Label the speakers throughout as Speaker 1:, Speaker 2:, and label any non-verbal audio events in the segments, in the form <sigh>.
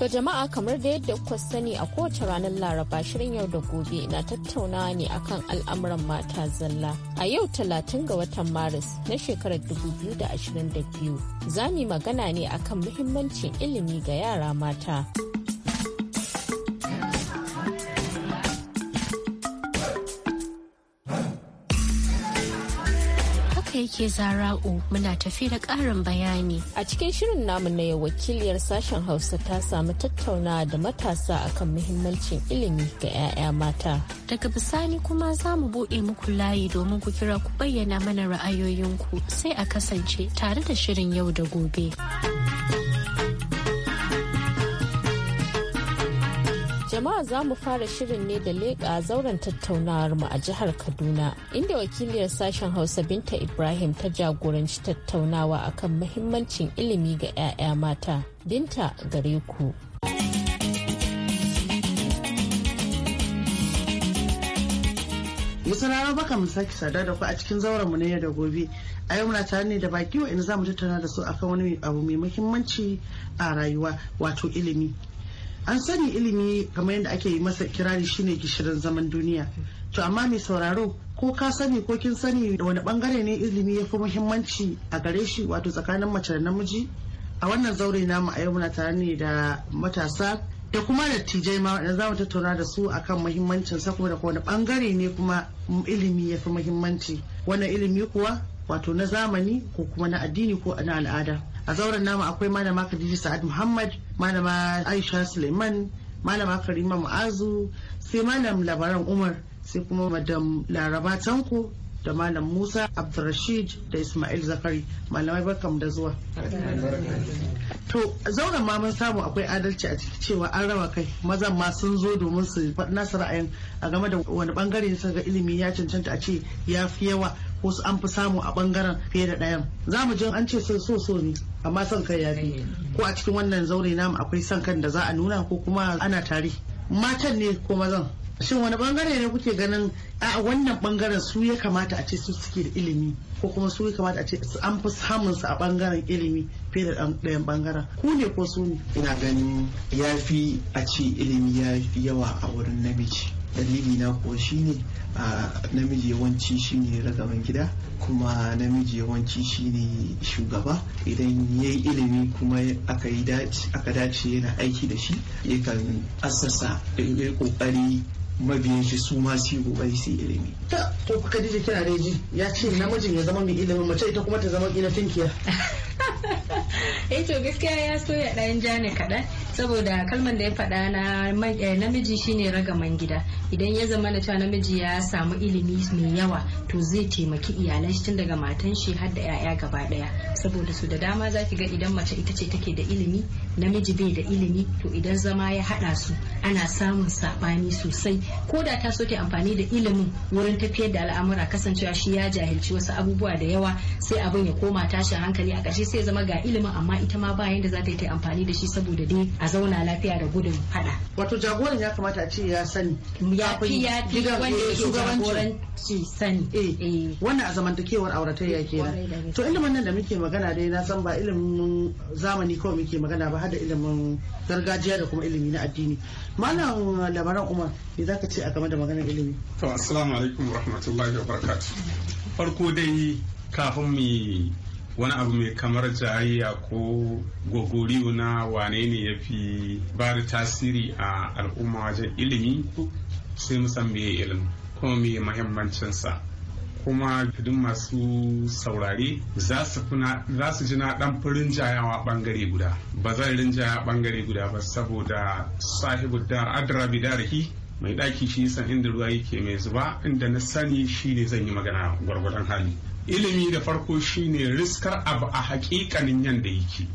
Speaker 1: To jama'a
Speaker 2: kamar da yadda kuka sani a kowace ranar Laraba shirin yau da gobe na tattaunawa ne akan al'amuran mata zalla. A yau talatin ga watan Maris na shekarar 2022 za mu magana ne akan muhimmancin ilimi ga yara mata.
Speaker 1: yake zara'u muna tafi da ƙarin bayani. A cikin shirin
Speaker 2: namu na yau wakiliyar sashen Hausa ta samu tattauna da matasa akan muhimmancin ilimi ga 'ya'ya mata.
Speaker 1: Daga bisani kuma za mu buɗe muku layi domin ku kira ku bayyana mana ra'ayoyinku sai a kasance tare da shirin yau da gobe. jama'a za mu
Speaker 2: fara shirin ne da leƙa zauren tattaunawar mu a jihar kaduna inda wakiliyar sashen hausa binta ibrahim ta jagoranci tattaunawa akan mahimmancin ilimi ga 'ya'ya mata binta gare ku
Speaker 3: Misalawa baka mu sake sada da ku a cikin zauren mu na yau da gobe. A yau muna tare ne da baki wa ina za mu tattauna da su akan wani abu mai muhimmanci a rayuwa wato ilimi. an sani ilimi kamar yadda ake yi masa kirari shine gishirin zaman duniya to amma mai sauraro ko ka sani ko kin sani da wani bangare ne ilimi ya fi muhimmanci a gare shi wato tsakanin mace da namiji a wannan zaure namu a yau muna tare ne da matasa da kuma da tijai ma da za mu tattauna da su akan muhimmancin sa kuma da wani bangare ne kuma ilimi ya fi muhimmanci wannan ilimi kuwa wato na zamani ko kuma na addini ko na al'ada a zauren namu akwai malama kadiji Sa'ad Muhammad malama aisha suleiman malama karima Ma'azu sai malam labaran umar sai kuma madam laraba tanko da malam musa abdurrashid da ismail zakari malamai barkam da zuwa to zauren ma mun samu akwai adalci a ciki cewa an rawa kai mazan ma sun zo domin su faɗi nasu ra'ayin a game da wani bangare suka ga ilimi ya cancanta a ce ya fi yawa su an fi samu a bangaren fiye da ɗayan za mu an ce sun so so ne amma son kai ya fi ko a cikin wannan zaure namu akwai son kan da za a nuna ko kuma ana tari. matan ne ko mazan shin wani bangare ne kuke ganin a wannan bangaren su ya kamata a ce su suke da ilimi ko kuma su ya kamata a ce an fi samun su a bangaren ilimi fiye da ɗayan bangaren ku ne ko su ne ina ganin ya fi a ce ilimi ya fi yawa a wurin namiji dalili na kuwa shine a namiji yawanci shine ragaban gida kuma namiji yawanci shine shugaba idan ya yi ilimi kuma aka dace yana aiki da shi yakan assasa
Speaker 4: kokari mabiyan shi su ma su yi kokari su ilimi.
Speaker 3: Ta ko ka kina da ya ce namijin ya zama mai ilimin mace ita kuma ta zama ina tinkiya. <laughs>
Speaker 5: Eh to gaskiya ya so ya ɗayan ja ne kaɗan saboda kalmar da ya faɗa na eh, namiji shine ragaman gida idan ya zama na cewa namiji ya samu ilimi mai yawa to zai taimaki iyalan shi tun daga matan shi har da 'ya'ya gaba ɗaya saboda su da dama za ki ga idan mace ita ce take da ilimi namiji bai da ilimi to idan zama ya haɗa su ana samun saɓani sosai ko da ta so ta amfani da ilimin wurin tafiyar da al'amura kasancewa shi ya jahilci wasu abubuwa da yawa sai abin ya koma tashin hankali a ƙarshe sai zama ga ilimin amma ita ma ba yanda za ta yi ta amfani da shi saboda dai a zauna lafiya da gudun fada.
Speaker 3: Wato jagoran ya kamata a ce ya sani. Ya fi ya fi wanda eh, ya jagoranci sani. Eh, eh. wannan a zamantakewar auratayya kenan. To ilimin nan da muke magana dai na san ba ilimin zamani kawai muke magana ba har da ilimin gargajiya da kuma ilimi na addini. Malam labaran Umar idan ka ce a game da maganar ilimi
Speaker 4: to assalamu alaikum wa rahmatullahi wa farko dai kafin mu wani abu mai kamar jayayya ko gogoriyo na wane ne ya fi ba da tasiri a al'umma wajen ilimi sai musan yi ilimi kuma me mahimmancinsa kuma duk masu saurare za su ji na dan furin jayawa bangare guda ba zan rinjaya bangare guda ba saboda sahibu da adra bidarhi mai ɗaki shi san inda ruwa yake mai zuba inda na sani shi ne zan yi magana gwargwadon hali ilimi da farko shi ne riskar abu a hakikanin yanda yake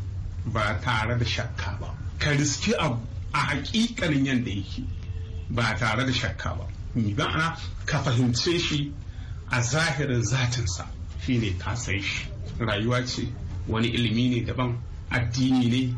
Speaker 4: ba tare da shakka ba ka riski abu a hakikanin yanda yake ba tare da shakka ba ma'ana ka fahimce shi a zahirin zatinsa shi ne ka san shi rayuwa ce wani ilimi ne daban addini ne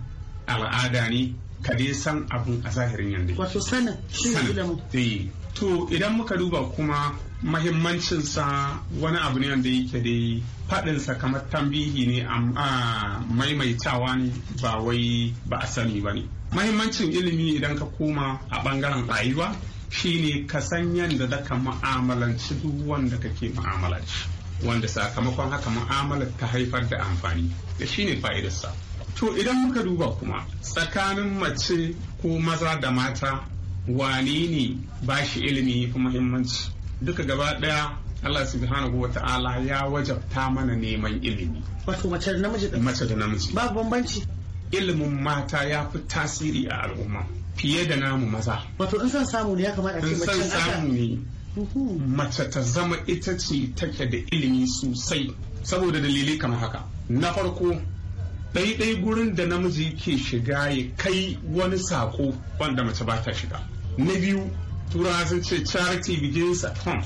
Speaker 4: al'ada ne ka dai san abin a zahirin yanzu
Speaker 3: wato sanin shi
Speaker 4: ilimin eh, to idan muka duba kuma mahimmancinsa wani abu ne wanda yake dai faɗinsa kamar tambihi ne amma maimaitawa ne ba wai ba a sani ba ne mahimmancin ilimi idan ka koma a ɓangaren rayuwa shine ka san yadda za ka mu'amalanci duk wanda kake mu'amalanci wanda sakamakon haka mu'amalar ta haifar da amfani da shine fa'idarsa to idan muka duba kuma tsakanin mace ko maza da mata wane ne ba shi ilimi fi muhimmanci duka gaba daya Allah subhanahu wa ta'ala ya wajabta mana neman ilimi wato mace da namiji mace da namiji babu bambanci ilimin mata ya fi tasiri a al'umma fiye da namu maza wato in san samu ne ya
Speaker 3: kamata a ce mace
Speaker 4: samu ne mace ta zama ita ce take da ilimi sosai saboda dalilai kamar haka na farko daidai gurin da namiji ke shiga ya kai wani sako wanda mace ba ta shiga na biyu turawa sun ce charity begins at home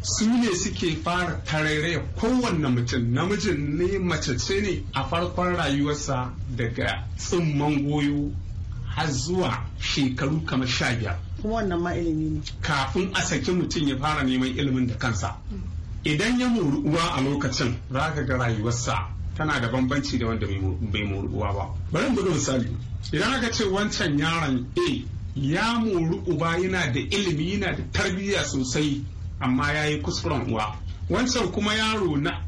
Speaker 4: su ne suke fara tarairaya kowanne mutum namijin ne mace ce ne a farkon rayuwarsa daga tsimman goyo har zuwa shekaru kamar sha biyar
Speaker 3: kuma wannan ma ilimi ne
Speaker 4: kafin a saki mutum ya fara neman ilimin da kansa idan ya mori uwa a lokacin za ka ga rayuwarsa tana da bambanci da wanda bai moruwa ba bari mu misali idan aka ce wancan yaron a ya moru uba yana da ilimi yana da tarbiyya sosai amma ya yi kuskuren uwa wancan kuma yaro na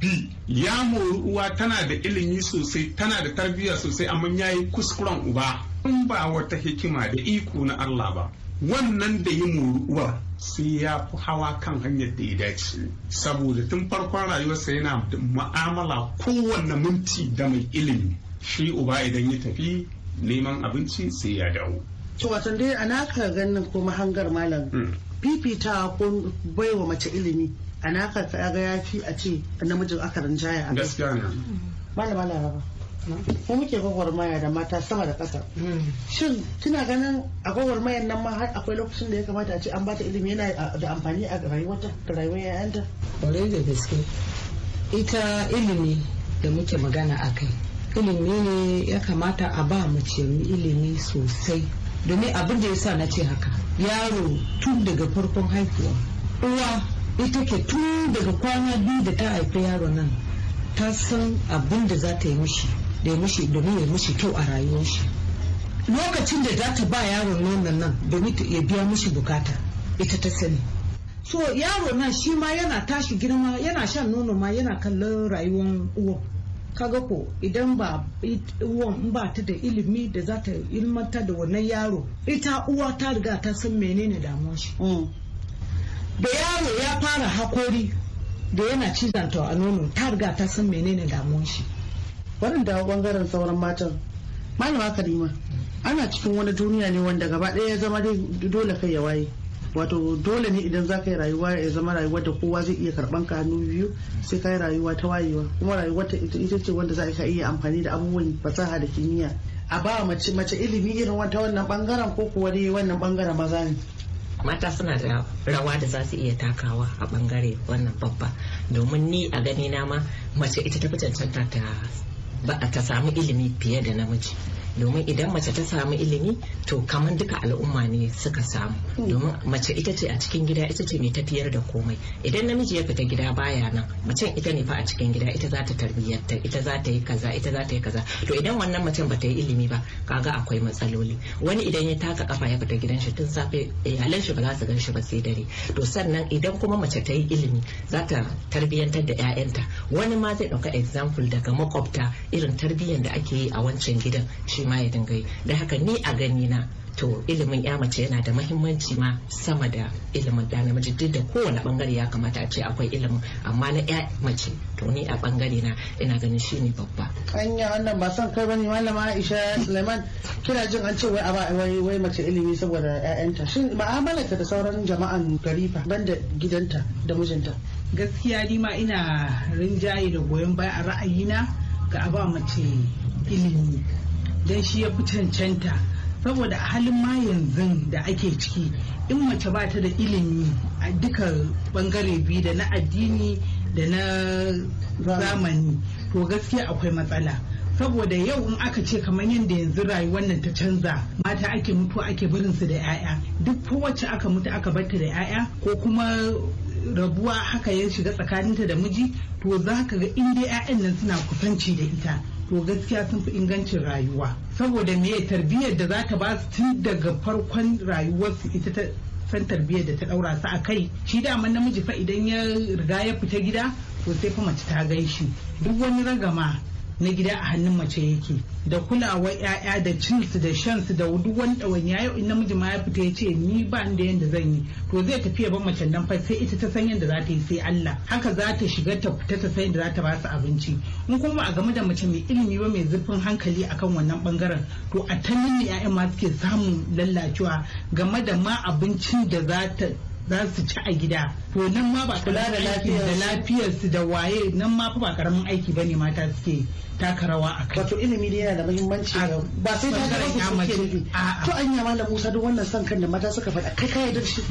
Speaker 4: b ya mori uwa tana da ilimi sosai tana da tarbiyya sosai amma ya yi kuskuren uba in ba wata hikima da iko na allah ba wannan da yi muruwa sai ya fi hawa kan hanyar da ya dace saboda tun farkon rayuwarsa yana ma'amala kowanne minti da mai ilimi shi uba idan ya tafi neman abinci sai ya dawo
Speaker 3: to watan dai ana ka ganin ko mahangar malam hmm. fifita ko baiwa mace ilimi ana naka ka ga yafi a ce namijin akarin jaya a gaskiya ne malam laraba mu muke gwagwarmaya da mata sama da ƙasa mm. shin kina ganin a gwagwarmayar nan ma har akwai lokacin da ya kamata a ce an bata ilimi yana da amfani a rayuwarta da rayuwar yayanta ƙwarai da gaske
Speaker 6: ita ilimi da muke magana a kai ilimi ne ya kamata a ba mace ilimi sosai domin abin da ya sa na ce haka yaro tun daga farkon haihuwa uwa ita ke tun daga kwana biyu da ta haifi yaro nan ta san abin da za ta yi mishi da ya mishi kyau a rayuwar shi lokacin da za ta ba yaron nonon nan domin ya biya mishi bukata ita ta sani so yaro nan shi ma yana tashi girma yana shan nono ma yana kallon rayuwar uwa kaga ko idan ba uwan ba ta da ilimi da za ta ilmantar da wannan yaro ita uwa ta riga ta san menene damuwar shi mm. da yaro ya fara hakori da yana cizanta a nono ta riga ta san menene damuwar shi waɗanda dawo ɓangaren sauran matan
Speaker 3: malama karima ana cikin wani duniya ne wanda gaba ɗaya ya zama dole kai ya waye wato dole ne idan za ka yi rayuwa ya zama rayuwa da kowa zai iya karɓan ka hannu biyu sai ka yi rayuwa ta wayewa kuma rayuwa ta ita ce wanda za ka iya amfani da abubuwan fasaha da kimiyya a ba mace mace ilimi irin wata wannan bangaren ko kuwa dai wannan bangaren maza ne
Speaker 7: mata suna da rawa da za su iya takawa a bangare wannan babba domin ni a gani na ma mace ita ta fi cancanta ta ba a ta samu ilimi fiye da namiji domin idan mace ta samu ilimi to kamar duka al'umma ne suka samu hmm. domin mace ita ce a cikin gida ita ce mai tafiyar da komai idan namiji ya fita gida baya nan macen ita ne fa a cikin gida ita za ta tarbiyyarta ita za ta yi kaza ita za ta yi kaza to idan wannan mace ba ta yi ilimi ba kaga akwai matsaloli wani idan ya taka kafa ya fita gidan shi tun safe iyalan shi ba za su gan shi ba sai dare to sannan idan kuma mace ta yi ilimi za ta tarbiyyantar da 'ya'yanta wani ma zai ɗauka example daga makwabta irin tarbiyyar da ake yi a wancan gidan shi shi ma ya dinga da haka ni a gani na to ilimin ya mace yana da mahimmanci ma sama da ilimin da namiji duk da kowane bangare ya kamata a ce akwai ilimin amma na ya mace to ni a bangare na ina ganin shi ne babba
Speaker 3: An yi wannan ba son kai bane malama Aisha Suleiman kina jin an ce wai a wai wai mace ilimi saboda ƴaƴanta shin ma'amalarta
Speaker 6: da sauran jama'an gari fa banda gidanta da mijinta gaskiya ni ma ina rinjaye da goyon baya a ra'ayina ga a ba mace ilimi don shi ya fi cancanta saboda a halin ma yanzu da ake ciki in mace ba ta da ilimi a duka bangare biyu da na addini da na zamani to gaskiya akwai matsala saboda yau in aka ce kamar yadda yanzu rayuwar nan ta canza mata ake mutu ake barin su da 'ya'ya duk kowace aka mutu aka barta da 'ya'ya ko kuma rabuwa haka ya shiga tsakaninta da miji to za ka ga in 'ya'yan nan suna kusanci da ita to gaskiya sun fi ingancin rayuwa saboda me tarbiyyar da za ta ba su tun daga farkon rayuwarsu ita ta san tarbiyyar da ta daura su a kai shi dama namiji fa idan ya riga ya fita gida to sai fa mace ta gan shi duk wani ragama na gida a hannun mace yake da kulawar 'ya'ya da cinsu da shansu da duk wani ya yau in namiji ma ya fita ya ce ni ba da yadda zan yi to zai tafi ya ban mace nan fa sai ita ta san yadda za ta yi sai Allah haka za ta shiga ta fita ta san yadda za ta ba su abinci in kuma a game da mace mai ilimi ba mai zurfin hankali akan wannan bangaren to a ta ne 'ya'yan ma suke samun lallacewa game da ma abincin da za ta za su ci a gida to nan ma ba kula da lafiyar da lafiyar su da waye nan ma ba karamin aiki bane mata suke taka rawa a kai wato ilimi ne yana da muhimmanci ba sai ta ga su
Speaker 3: ke to anya malam Musa duk wannan san kan da mata suka faɗa kai kai
Speaker 8: da shi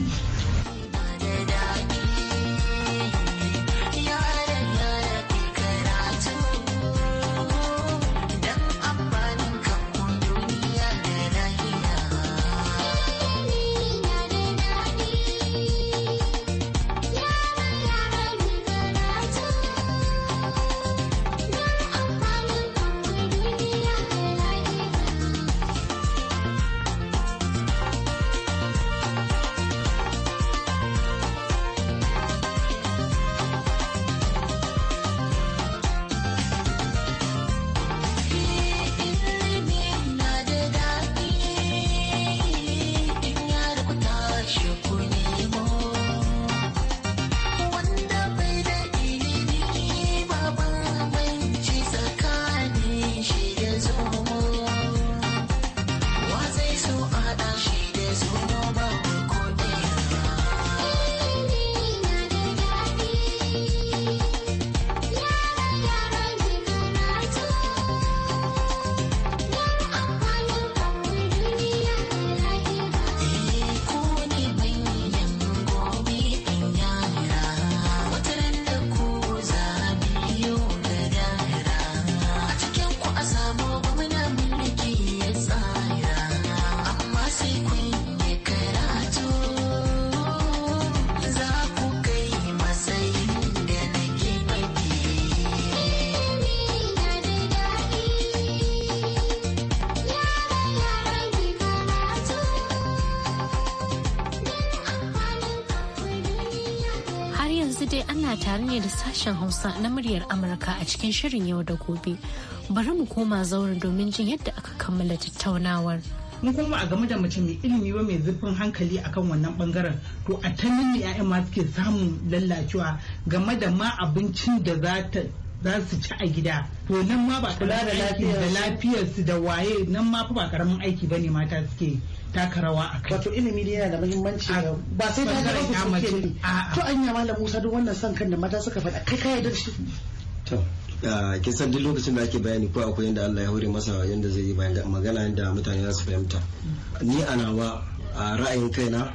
Speaker 1: tare ne da sashen Hausa na muryar Amurka a cikin shirin yau da gobe. Bari mu koma zauren domin jin yadda aka kammala tattaunawar. Mun kuma a game da mace mai ilimi ba mai zurfin hankali akan wannan
Speaker 6: bangaren to a ta ne 'ya'yan ma suke samun lallacewa game da ma abincin da za ta za su ci a gida to nan ma ba kula da lafiyarsu da waye nan ma fa ba karamin aiki bane mata suke taka rawa a kai wato ilimi ne yana da muhimmanci ba sai ta ga ku ke ne
Speaker 3: to an yi malam Musa duk wannan san kan da mata suka faɗa kai ka da shi
Speaker 9: to kin san duk lokacin da ake bayani ko akwai yanda Allah ya hore masa yanda zai yi magana yanda mutane za su fahimta ni a nawa a ra'ayin kaina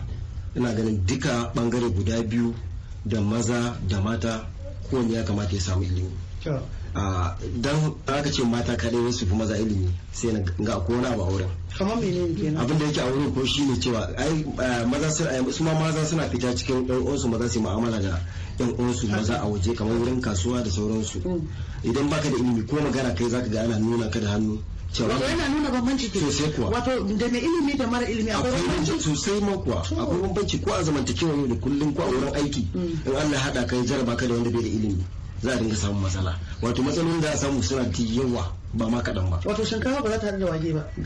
Speaker 9: ina ganin duka bangare guda biyu da maza da mata kowanne ya kamata ya samu ilimi don aka ce mata kaɗai wasu fi maza ilimi sai na ga kona ba abu a wurin kamar menene kenan abin da yake a wurin ko shine cewa ai eh, maza sun eh, su ma maza suna fita cikin ɗan uwansu maza su mu'amala da ɗan uwansu maza a waje kamar wurin kasuwa da sauransu mm. idan baka da ilimi ko magana kai zaka ga ana nuna ka da hannu cewa yana
Speaker 3: nuna bambanci ke sosai kuwa wato da mai ilimi da mara ilimi akwai bambanci
Speaker 9: sosai ma kuwa akwai bambanci ko a zamantakewa yau da kullum ko a wurin aiki mm. in Allah hada kai jaraba ka da wanda bai da ilimi za a dinga samun matsala wato matsalolin da za a samu suna da yawa ba ma kaɗan ba wato shinkafa ba za ta hada da ba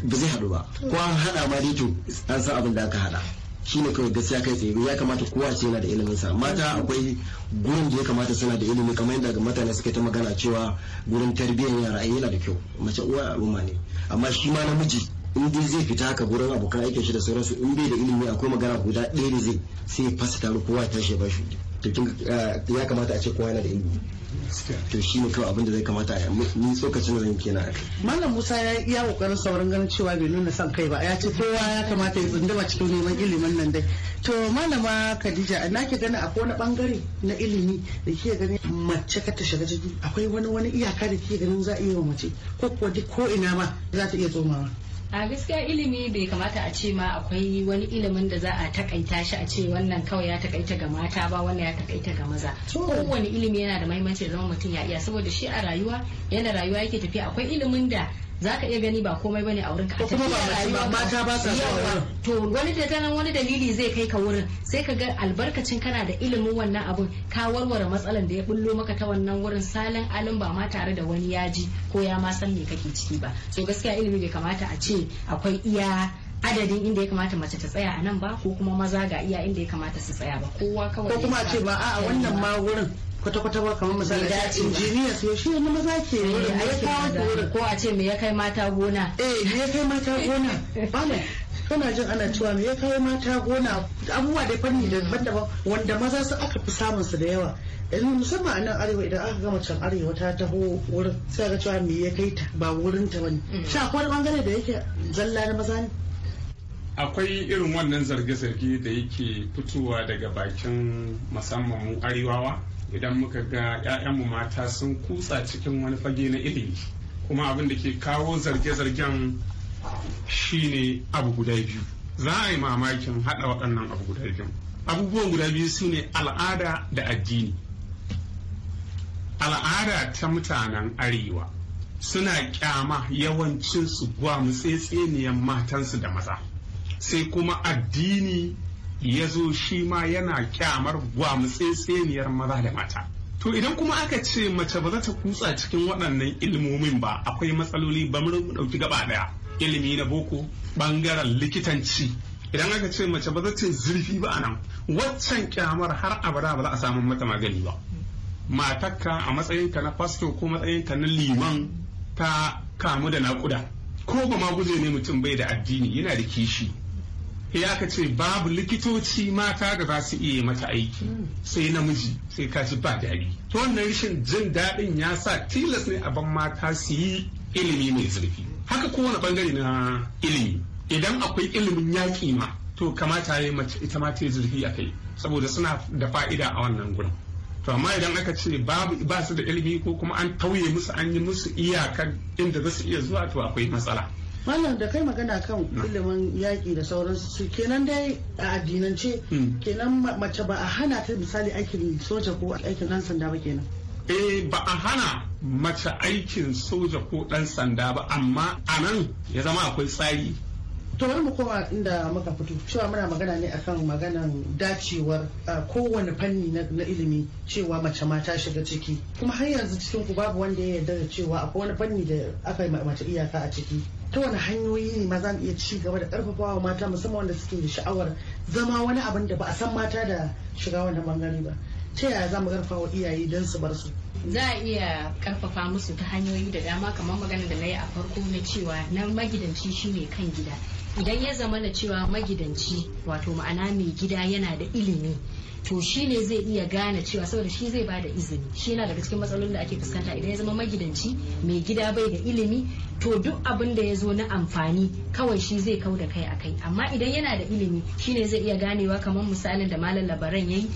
Speaker 9: ba zai haɗu ba ko an haɗa ma dai an san abin da aka haɗa shi ne kawai gaskiya kai tsaye ya kamata kowa ce yana da ilimin sa mata akwai gurin da ya kamata suna da ilimi kamar yadda ga mutane suka ta magana cewa gurin tarbiyyar yara ai yana da kyau mace uwa al'umma ne amma shi ma namiji in dai zai fita haka gurin abokan aikin shi da sauransu in bai da ilimi akwai magana guda ɗaya da zai sai fasa taro kowa ya shi ba shi ya kamata a ce kowa yana da ilimi to shi ne abin da zai kamata a ni tsokacin da zan kenan na
Speaker 3: Mallam malam musa ya yi iya kokarin sauran ganin cewa bai nuna son kai ba ya ce kowa ya kamata ya tsunduma cikin neman ilimin nan dai to malama khadija na ke gani akwai wani bangare na ilimi da ke gani mace ka ta shiga jiki. akwai wani wani iyaka da ke ganin za a iya wa mace ko kuwa ko ina ma za ta iya tsomawa
Speaker 5: a gaskiya ilimi bai kamata a ce ma akwai wani ilimin da za a takaita shi a ce wannan kawai ya takaita ga mata ba wannan ya takaita ga maza kowane ilimi yana da mahimmanci da zama mutum ya iya saboda shi a rayuwa yana rayuwa yake tafiya akwai ilimin da za ka iya gani ba komai bane a wurin ka kuma ba mata ba sa to wani da tana wani dalili zai kai ka wurin sai ka ga albarkacin kana da ilimin wannan abun ka warware matsalar da ya bullo maka ta wannan wurin salin alin ba ma tare da wani yaji ko ya ma san me kake ciki ba so gaskiya ilimi bai kamata a ce akwai iya adadin inda ya kamata mace ta tsaya a nan ba ko kuma maza ga iya inda ya kamata su tsaya ba kowa kawai ko kuma a ce ba a'a wannan ma
Speaker 3: wurin kwata-kwata ba kamar misali
Speaker 5: a ce injiniya
Speaker 3: su shi wani maza ke wurin yi kawo ki wurin
Speaker 5: ko a ce me ya kai mata gona eh
Speaker 3: me ya kai mata gona bala kana jin ana cewa me ya kai mata gona abubuwa da fanni daban-daban wanda maza su aka fi samun su da yawa yanzu musamman a nan arewa idan aka gama can arewa ta taho wurin sai ka cewa me ya kai ta ba wurin ta bane mm. shi akwai wani bangare da yake zalla na maza ne
Speaker 4: akwai irin wannan zarge-zarge da yake fitowa daga bakin musamman mu arewawa idan muka ga 'ya'yanmu mata sun kutsa cikin wani fage na ilimi kuma abin da ke kawo zarge-zargen shine abu guda biyu za a yi mamakin haɗa waɗannan abu guda biyu abubuwan guda biyu su ne al'ada da addini al'ada ta mutanen arewa suna kyama yawancinsu gwamutsetseniyan matansu da maza sai kuma addini ya zo shi ma yana kyamar gwamutsetseniyar maza da mata to idan kuma aka ce mace ba za ta kutsa cikin waɗannan ilmomin ba akwai matsaloli ba mu ɗauki gaba ɗaya ilimi na boko ɓangaren likitanci idan aka ce mace ba za ta zurfi ba a nan waccan kyamar har abada ba za a samu mata magani ba matakka a matsayinka na fasto ko matsayinka na liman ta kamu da naƙuda ko ba ma guje ne mutum bai da addini yana da kishi sai aka ce babu likitoci mata da za su iya mata aiki sai namiji sai ka ji ba daɗi to wannan rashin jin daɗin ya sa tilas ne a ban mata su yi ilimi mai zurfi haka kowane bangare na ilimi idan akwai ilimin yaki ma to kamata ya mace ita ma ta yi zurfi a kai saboda suna da fa'ida a wannan gurin to amma idan aka ce babu ba su da ilimi ko kuma an tauye musu an yi musu iyakar inda za su iya zuwa to akwai matsala
Speaker 3: malam da kai magana kan ilimin yaƙi da sauransu su kenan dai a addinance hmm. kenan mace ba a hana ta misali aikin soja ko aikin ɗan sanda ba kenan eh
Speaker 4: ba a hana mace aikin soja ko ɗan sanda ba amma a nan ya zama akwai tsari
Speaker 3: to bari mu koma inda muka fito cewa muna magana ne akan maganan dacewar kowane fanni na ilimi cewa mace ma ta shiga ciki kuma har yanzu cikin ku babu wanda ya yarda da cewa akwai wani fanni da aka yi mace iyaka a ciki ta wani hanyoyi ne ma za iya ci gaba da karfafawa mata musamman wanda suke da sha'awar zama wani abin da ba a san mata da shiga wannan bangare ba ta yaya za mu karfafa iyaye don su bar su
Speaker 5: za a iya karfafa musu ta hanyoyi da dama kamar magana da na yi a farko na cewa na magidanci shine kan gida idan ya zama na cewa magidanci wato ma'ana mai gida yana da ilimi to shi ne zai iya gane cewa saboda shi zai bada izini shi yana daga cikin matsalolin da ake fuskanta idan ya zama magidanci mai gida bai da ilimi to duk abin da ya zo na amfani kawai shi zai kau da kai a kai amma idan yana da ilimi shi ne zai iya ganewa kamar misalin da malam labaran ya yi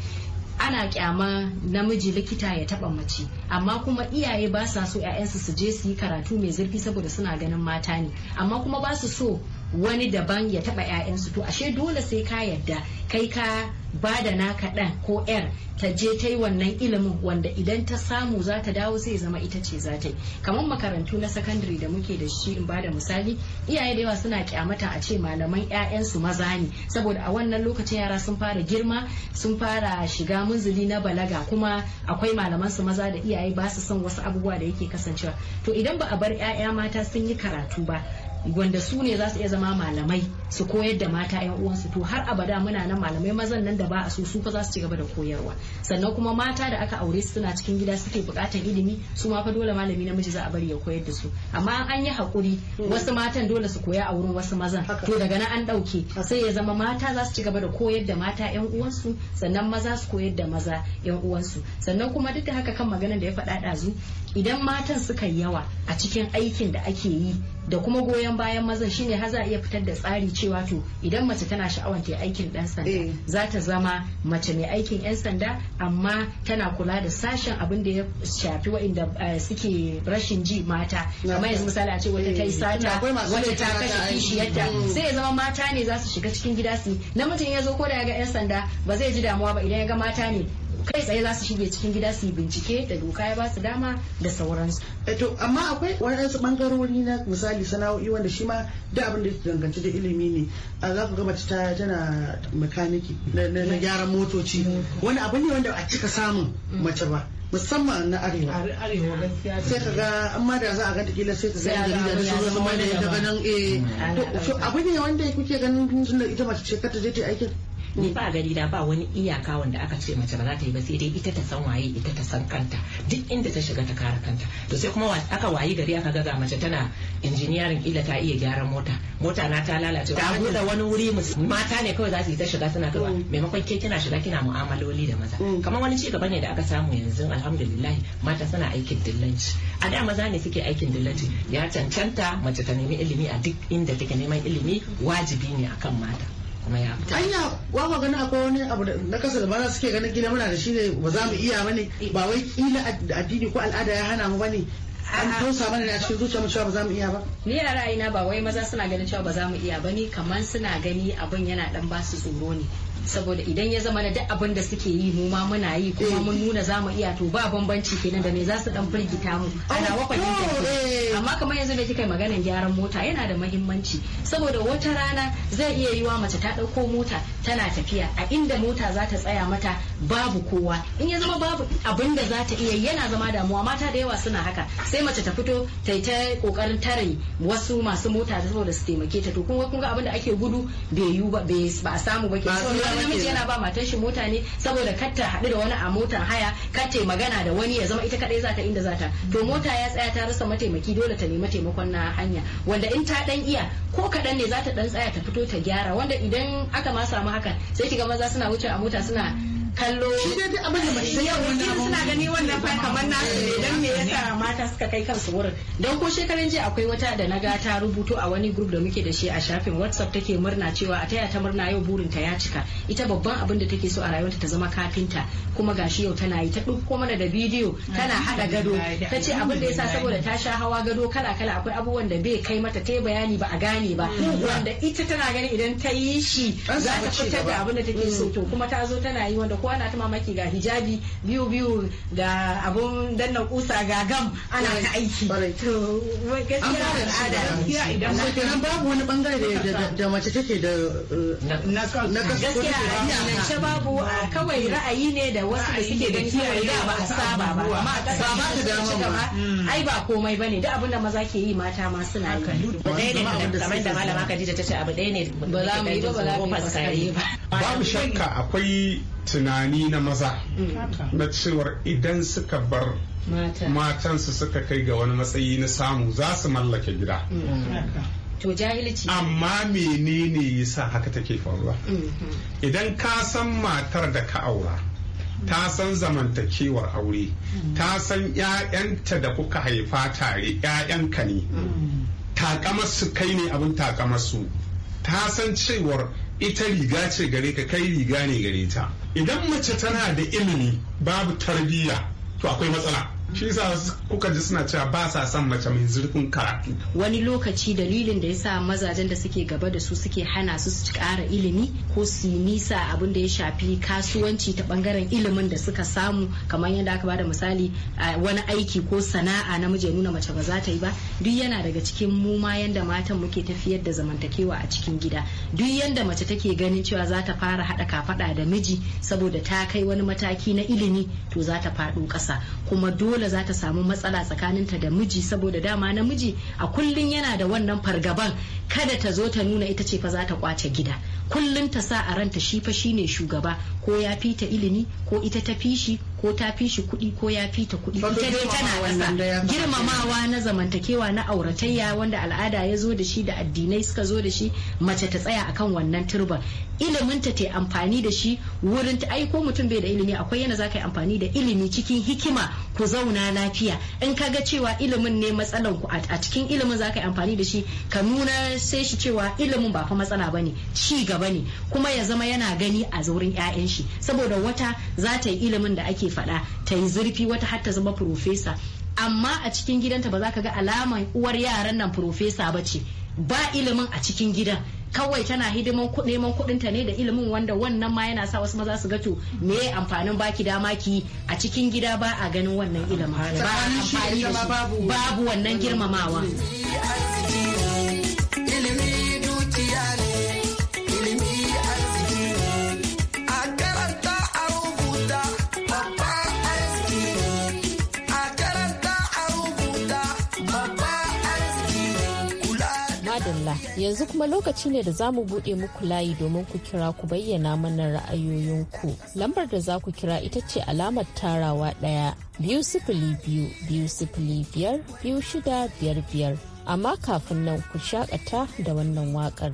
Speaker 5: ana kyama namiji likita ya taba mace amma kuma iyaye ba sa so 'ya'yansu su je su yi karatu mai zurfi saboda suna ganin mata ne amma kuma ba su so wani daban ya taba 'ya'yansu to ashe dole sai ka yadda kai ka ba da naka ɗan ko 'yar ta je ta yi wannan ilimin wanda idan ta samu za ta dawo sai zama ita ce za ta yi kamar makarantu na sakandare da muke da shi in bada misali iyaye da yawa suna kyamata a ce malaman 'ya'yansu maza ne saboda a wannan lokacin yara sun fara girma sun fara shiga munzuli na balaga kuma akwai malaman su maza da iyaye ba su son wasu abubuwa da yake kasancewa to idan ba a bar 'ya'ya mata sun yi karatu ba gwanda su ne za su iya zama malamai su koyar da mata yan uwansu to har abada muna nan malamai mazan nan da ba a so su fa za su ci gaba da koyarwa sannan kuma mata da aka aure suna cikin gida suke buƙatar ilimi su ma fa dole malami namiji za a bari ya koyar da su amma an yi hakuri mm. wasu matan dole su koya a wurin wasu mazan to daga nan an ɗauke sai ya zama mata za su ci gaba da koyar da mata yan uwansu sannan maza su koyar da maza yan uwansu sannan kuma duk da haka kan maganar da ya faɗa ɗazu idan matan suka yi yawa a cikin aikin da ake yi da kuma goyon bayan mazan shine har za a iya fitar da tsari cewa to idan mace tana sha'awar ta aikin dan sanda eh. za ta zama mace mai aikin yan sanda amma tana kula da sashen abin da ya shafi wa'inda eh, suke rashin ji mata kamar yanzu misali a ce wata ta yi eh. sata wata ta kashe kishiyarta mm. sai ya zama mata ne za su shiga cikin gida su namijin ya zo ko da ya ga yan sanda ba zai ji damuwa ba idan ya ga mata ne kai tsaye za su shige cikin gida su yi bincike da doka ya ba su
Speaker 3: dama da sauransu. Eh, to amma akwai waɗansu ɓangarori na misali sana'o'i wanda shi ma da abin da ya danganci da ilimi ne a za ku ga mace ta tana makaniki na gyaran motoci wani abu ne wanda a cika samun mace ba. musamman na
Speaker 6: arewa
Speaker 3: sai ka ga amma da za a ganta kila sai ka zai jarida da sauransu mai da ita ganin eh
Speaker 7: mm. to abu ne wanda kuke ganin tun da ita mace ce ka ta je ta aikin ni ba gari da ba wani iyaka wanda aka ce mace ba za ta yi ba sai dai ita ta san waye ita ta san kanta duk inda ta shiga ta kare kanta to sai kuma aka wayi gari aka gaga mace tana injiniyarin kila ta iya gyaran mota mota na ta lalace ta bude wani wuri mata ne kawai za su yi ta shiga suna kaba mm. maimakon ke kina shiga kina mu'amaloli da maza mm. kamar wani ci gaba ne da aka samu yanzu alhamdulillah mata suna aikin dillanci a da maza ne suke aikin dillanci ya cancanta mace ta nemi ilimi a duk inda take neman ilimi wajibi ne akan mata kuma ya fita anya wa ba gani akwai wani abu na
Speaker 3: kasa da bana suke ganin gida muna
Speaker 7: da shi ne ba za mu iya bane eh. ba wai kila addini ko
Speaker 3: al'ada ya hana mu bane an tausa mana na cikin zuciya mu cewa ba za mu iya ba
Speaker 5: ni a ra'ayina ba wai maza suna ganin cewa ba za mu iya ba ni kamar suna gani abin yana dan basu tsoro ne saboda idan ya zama na duk abin da suke yi mu ma muna yi kuma mun nuna zamu iya to ba bambanci kenan da me za su dan firgita mu ana wafa amma kamar yanzu da kika yi maganar gyaran mota yana da mahimmanci saboda wata rana zai iya yiwa mace ta dauko mota tana tafiya a inda mota za ta tsaya mata babu kowa in ya zama babu abin da za ta iya yana zama damuwa mata da yawa suna haka sai mace ta fito ta yi ta kokarin tare wasu masu mota saboda su taimake ta to kun ga abin da ake gudu bai yiwu ba ba samu ba ke namiji yana ba matar shi mota ne saboda kar ta haɗu da wani a motar haya kar magana da wani ya zama ita kadai za ta inda za ta to mota ya tsaya ta rasa mataimaki dole ta nemi taimakon na hanya wanda in ta dan iya ko kaɗan ne za ta dan tsaya ta fito ta gyara wanda idan aka ma samu hakan sai kiga maza suna wuce a mota suna kallo shi dai duk abin da mace yau suna gani wannan fa kamar nasu ne dan me eh. yasa mata suka kai kansu wurin dan ko shekaran jiya akwai wata da na ga ta rubuto a wani group da muke da shi a shafin WhatsApp take murna cewa a taya ta murna yau burin ta ya cika ita babban abin da take so a rayuwarta ta zama kafinta kuma gashi yau tana yi ta ɗauko mana da bidiyo tana hada gado ta ce abin da yasa saboda ta sha hawa gado kala kala akwai abubuwan da bai kai mata ta bayani ba a gane ba mm. wanda ita tana gani idan ta yi shi za ta fitar da abin da take so mm. to kuma ta zo tana yi wanda kowa na ta mamaki ga hijabi biyu biyu ga abun danna
Speaker 6: kusa ga gam ana ta aiki to
Speaker 7: gaskiya al'ada gaskiya idan mutum
Speaker 3: babu wani bangare da mace take da eh, na gaskiya a ce
Speaker 5: babu kawai ra'ayi ne da wasu da suke da kiyaye da ba a saba ba amma a kasa ba ta dama hmm. ai ba komai bane duk abin da maza ke yi mata ma suna yi kan ɗaya ne kamar da malama
Speaker 7: Khadija ta ce abu ɗaya ne ba za mu yi ba ba za mu yi ba
Speaker 4: babu shakka akwai tunani tunani na maza mm. na cewar idan suka bar matansu suka kai ga wani matsayi na samu za su mallake gida
Speaker 5: mm. amma
Speaker 4: menene yasa haka take faruwa
Speaker 5: mm-hmm.
Speaker 4: idan ka san matar da ka aura ta san zamantakewar aure mm. ta san 'ya'yanta da kuka haifa tare 'ya'yanka ne takamar kai ne abin takamar ta san cewar ita riga ce gare ka kai riga ne gare ta idan mace tana da ilimi babu tarbiyya to akwai matsala shi yasa kuka ji suna cewa ba sa son mace mai zurfin karatu
Speaker 5: wani lokaci dalilin da yasa mazajen da suke gaba da su suke hana su su ƙara ilimi ko su nisa abin da ya shafi kasuwanci ta bangaren ilimin da suka samu kamar yadda aka da misali wani aiki ko sana'a namiji ya nuna mace ba za ta yi ba duk yana daga cikin mu ma yanda matan muke tafiyar da zamantakewa a cikin gida duk yanda mace take ganin cewa za ta fara haɗa kafaɗa da miji saboda ta kai wani mataki na ilimi to za ta faɗo ƙasa kuma dole dole za ta samu matsala tsakanin ta da miji saboda dama namiji a kullum yana da wannan fargaban kada ta zo ta nuna ita ce fa za ta kwace gida kullum ta sa a ranta shi fa shine shugaba ko ya fita ilimi ko ita ta fishi ko ta fi shi kuɗi ko ya fita kuɗi ita dai tana wasa girmamawa na zamantakewa na auratayya wanda al'ada ya zo da shi da addinai suka zo da shi mace ta tsaya akan wannan turban Ilimin ta amfani da shi wurin ta ai ko mutum bai da ilimi akwai yana za ka yi amfani da ilimi cikin hikima ku zauna lafiya in ka ga cewa ilimin ne matsalan ku a cikin ilimin za ka yi amfani da shi ka nuna sai shi cewa ilimin ba fa matsala bane ci gaba bane kuma ya zama yana gani a zaurin 'ya'yan shi saboda wata za ta yi ilimin da ake faɗa ta yi zurfi wata har ta zama profesa amma a cikin gidanta ba za ka ga alaman uwar yaran nan profesa ba ce ba ilimin a cikin gidan kawai tana hidiman neman kudinta ne da ilimin wanda wannan ma yana sa wasu maza su gato me amfanin baki dama ki a cikin gida ba a ganin wannan ilimin ba amfani babu wannan girmamawa
Speaker 2: Yanzu kuma lokaci ne da za mu buɗe muku layi domin ku kira ku bayyana mana ra'ayoyinku. Lambar da za ku kira ita ce alamar tarawa ɗaya biyu sifili biyu biyu sifili biyar biyu shida biyar biyar. Amma kafin nan ku shakata da wannan waƙar.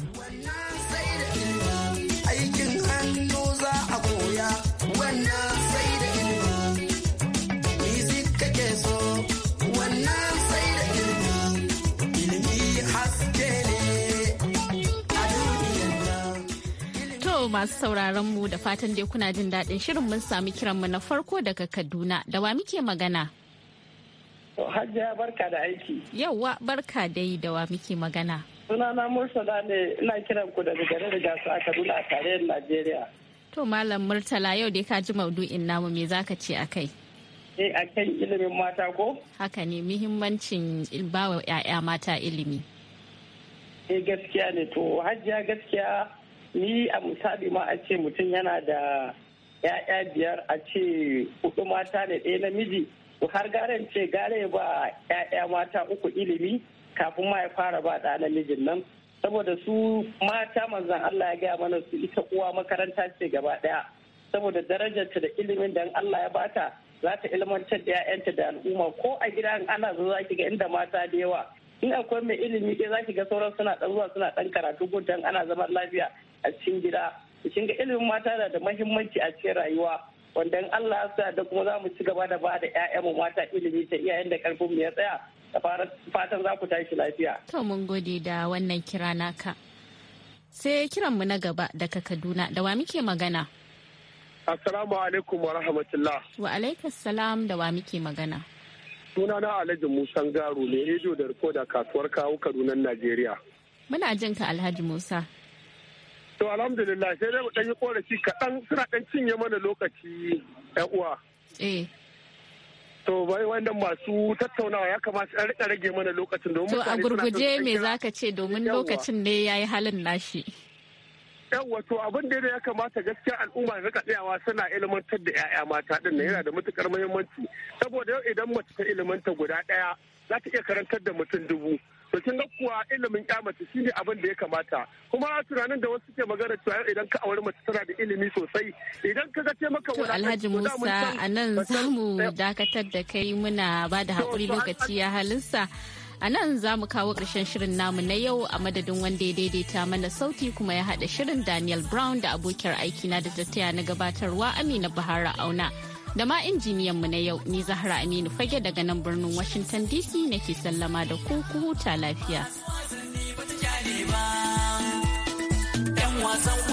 Speaker 2: masu sauraron mu da fatan dai kuna jin daɗin shirin mun sami mu na farko daga Kaduna da wa muke magana.
Speaker 6: Hajiya barka da aiki.
Speaker 2: Yauwa barka dai da wa muke magana.
Speaker 3: Sunana Murtala ne ina kiran ku daga garin Rigasu a Kaduna a tarayyar Najeriya.
Speaker 2: To Malam Murtala yau dai ka ji maudu'in namu me zaka ce a kai?
Speaker 3: Eh a ilimin mata ko?
Speaker 2: Haka ne muhimmancin bawa 'ya'ya mata ilimi.
Speaker 3: Eh gaskiya ne to hajiya gaskiya ni a misali ma a ce mutum yana da ya'ya biyar a ce hudu mata da ɗaya namiji har garen ce gare ba ya'ya mata uku ilimi kafin ma ya fara ba ɗa namijin nan saboda su mata manzan Allah ya gaya mana su ita uwa makaranta ce gaba ɗaya saboda darajarta da ilimin da Allah ya bata za ta ilmantar da 'ya'yanta da al'umma ko a gida ana zo za ki ga inda mata da yawa in akwai mai ilimi ɗaya za ki ga sauran suna ɗan zuwa suna ɗan karatu gudan ana zaman lafiya a cikin gida cikin ga ilimin mata na da mahimmanci a cikin rayuwa wanda Allah ya da kuma za mu ci gaba da ba da 'ya'yanmu mata ilimi ta iyayen da karfin mu ya tsaya da fatan za ku tashi lafiya.
Speaker 2: To mun gode da wannan kira naka. Sai kiran mu na gaba daga Kaduna da wa muke magana?
Speaker 4: Assalamu alaikum wa rahmatullah.
Speaker 2: Wa alaikassalam da wa muke magana?
Speaker 4: Suna na Alhaji Musan Garo ne rediyo da rikoda kasuwar kawo Kadunan Najeriya.
Speaker 2: Muna jin ka Alhaji Musa.
Speaker 4: To alhamdulillah sai dai mu ɗan yi korafi kaɗan suna ɗan cinye mana lokaci uwa. Eh. to bai wanda masu tattaunawa ya kamata a rika rage mana lokacin domin to a gurguje me
Speaker 2: zaka ce domin lokacin ne yayi halin nashi
Speaker 4: wato abin da ya kamata gaskiya al'umma rika tsayawa suna ilimantar da 'ya'ya mata din yana da matukar muhimmanci saboda yau idan mace ta ilimanta guda ɗaya za ta iya karantar da mutum dubu to kin ga kuwa ilimin ya mace shine abin da ya kamata kuma tunanin da wasu ke magana cewa yau idan ka aure mace tana da ilimi sosai
Speaker 2: idan ka ga ce maka to Alhaji Musa anan <laughs> zamu dakatar da kai muna bada hakuri lokaci ya halinsa A nan za mu kawo ƙarshen shirin namu na yau a madadin wanda ya daidaita mana sauti kuma ya haɗa shirin Daniel Brown da abokiyar aikina da tattaya na gabatarwa Amina Bahara Auna. Da ma injiniyanmu na yau ni Zahra Aminu fage daga nan birnin Washington DC nake sallama da ku ku huta lafiya.
Speaker 8: wasan